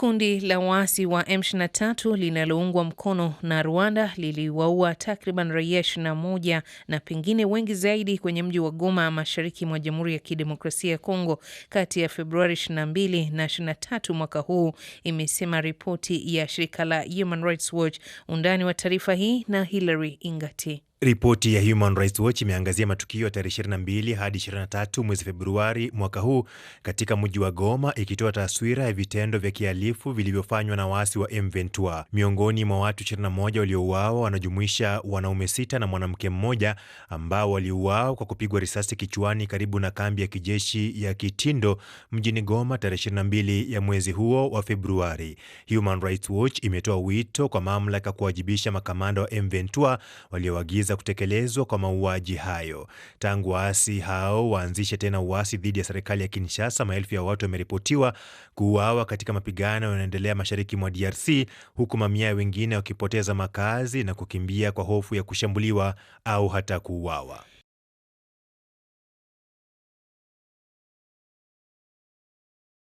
Kundi la waasi wa M23 linaloungwa mkono na Rwanda liliwaua takriban raia 21 na pengine wengi zaidi kwenye mji wa Goma, mashariki mwa Jamhuri ya Kidemokrasia ya Kongo kati ya Februari 22 na 23 mwaka huu, imesema ripoti ya shirika la Human Rights Watch. Undani wa taarifa hii na Hilary Ingati. Ripoti ya Human Rights Watch imeangazia matukio ya tarehe 22 hadi 23 mwezi Februari mwaka huu katika mji wa Goma, ikitoa taswira ya vitendo vya kihalifu vilivyofanywa na waasi wa M23. Miongoni mwa watu 21 waliouawa wanajumuisha wanaume sita na mwanamke mmoja ambao waliuawa kwa kupigwa risasi kichwani karibu na kambi ya kijeshi ya Kitindo mjini Goma tarehe 22 ya mwezi huo wa Februari. Human Rights Watch imetoa wito kwa mamlaka kuwajibisha makamanda wa M23 waliowagiza za kutekelezwa kwa mauaji hayo. Tangu waasi hao waanzishe tena uasi dhidi ya serikali ya Kinshasa, maelfu ya watu wameripotiwa kuuawa katika mapigano yanaendelea mashariki mwa DRC, huku mamia wengine wakipoteza makazi na kukimbia kwa hofu ya kushambuliwa au hata kuuawa.